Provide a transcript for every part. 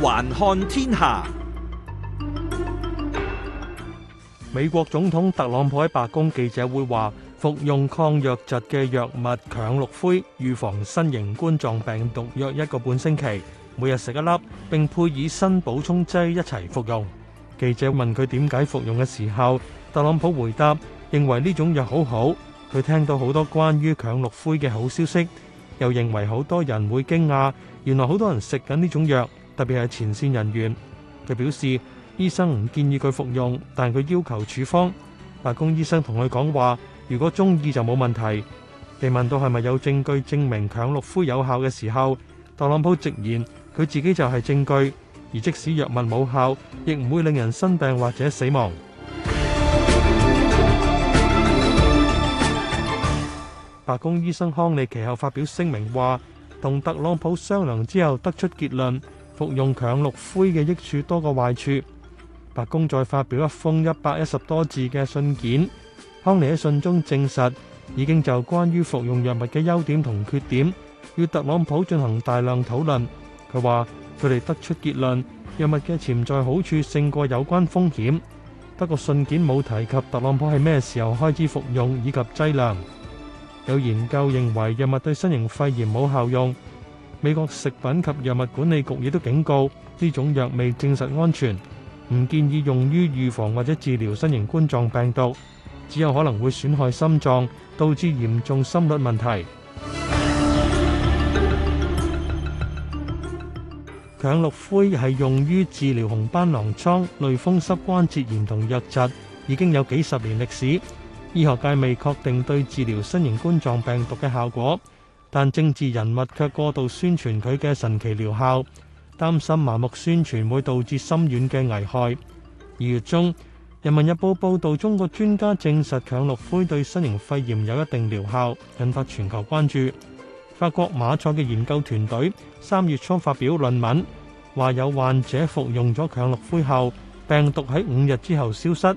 環看天下。美國總統特朗普喺白宮記者會話，服用抗瘧疾嘅藥物強氯灰預防新型冠狀病毒約一個半星期，每日食一粒，並配以鋅補充劑一齊服用。記者問佢點解服用嘅時候，特朗普回答認為呢種藥好好。佢聽到好多關於羥氯喹嘅好消息，又認為好多人會驚訝，原來好多人食緊呢種藥，特別係前線人員。佢表示醫生唔建議佢服用，但佢要求處方。白宮醫生同佢講話，如果中意就冇問題。被問到係咪有證據證明羥氯喹有效嘅時候，特朗普直言佢自己就係證據，而即使藥物冇效，亦唔會令人生病或者死亡。白宮醫生康利其後發表聲明話，同特朗普商量之後得出結論，服用羥氯喹嘅益處多過壞處。白宮再發表一封一百一十多字嘅信件，康利喺信中證實已經就關於服用藥物嘅優點同缺點，與特朗普進行大量討論。佢話佢哋得出結論，藥物嘅潛在好處勝過有關風險。不過，信件冇提及特朗普喺咩時候開始服用以及劑量。有研究認為藥物對新型肺炎冇效用，美國食品及藥物管理局亦都警告呢種藥未證實安全，唔建議用於預防或者治療新型冠狀病毒，只有可能會損害心臟，導致嚴重心律問題。羥氯喹係用於治療紅斑狼瘡、類風濕關節炎同瘧疾，已經有幾十年歷史。醫學界未確定對治療新型冠狀病毒嘅效果，但政治人物卻過度宣傳佢嘅神奇療效，擔心盲目宣傳會導致深遠嘅危害。二月中，《人民日報》報道中國專家證實羥氯喹對新型肺炎有一定療效，引發全球關注。法國馬賽嘅研究團隊三月初發表論文，話有患者服用咗羥氯喹後，病毒喺五日之後消失。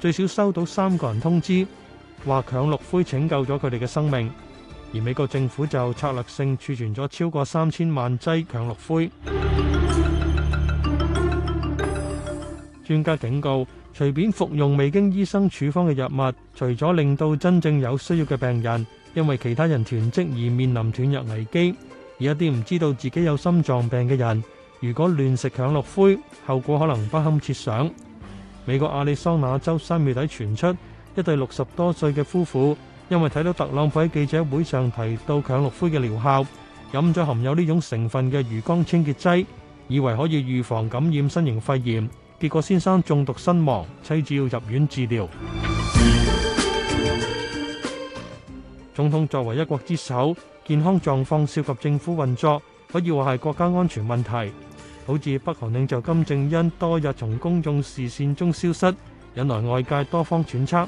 最少收到三個人通知，話強氯灰拯救咗佢哋嘅生命。而美國政府就策略性儲存咗超過三千萬劑強氯灰。 專家警告：隨便服用未經醫生處方嘅藥物，除咗令到真正有需要嘅病人因為其他人囤積而面臨斷藥危機，而一啲唔知道自己有心臟病嘅人，如果亂食強氯灰，後果可能不堪設想。美國亞利桑那州三月底傳出一對六十多歲嘅夫婦，因為睇到特朗普喺記者會上提到羥氯喹嘅療效，飲咗含有呢種成分嘅魚缸清潔劑，以為可以預防感染新型肺炎，結果先生中毒身亡，妻子要入院治療。總統作為一國之首，健康狀況涉及政府運作，可以話係國家安全問題。導致北韓領袖金正恩多日從公眾視線中消失，引來外界多方揣測。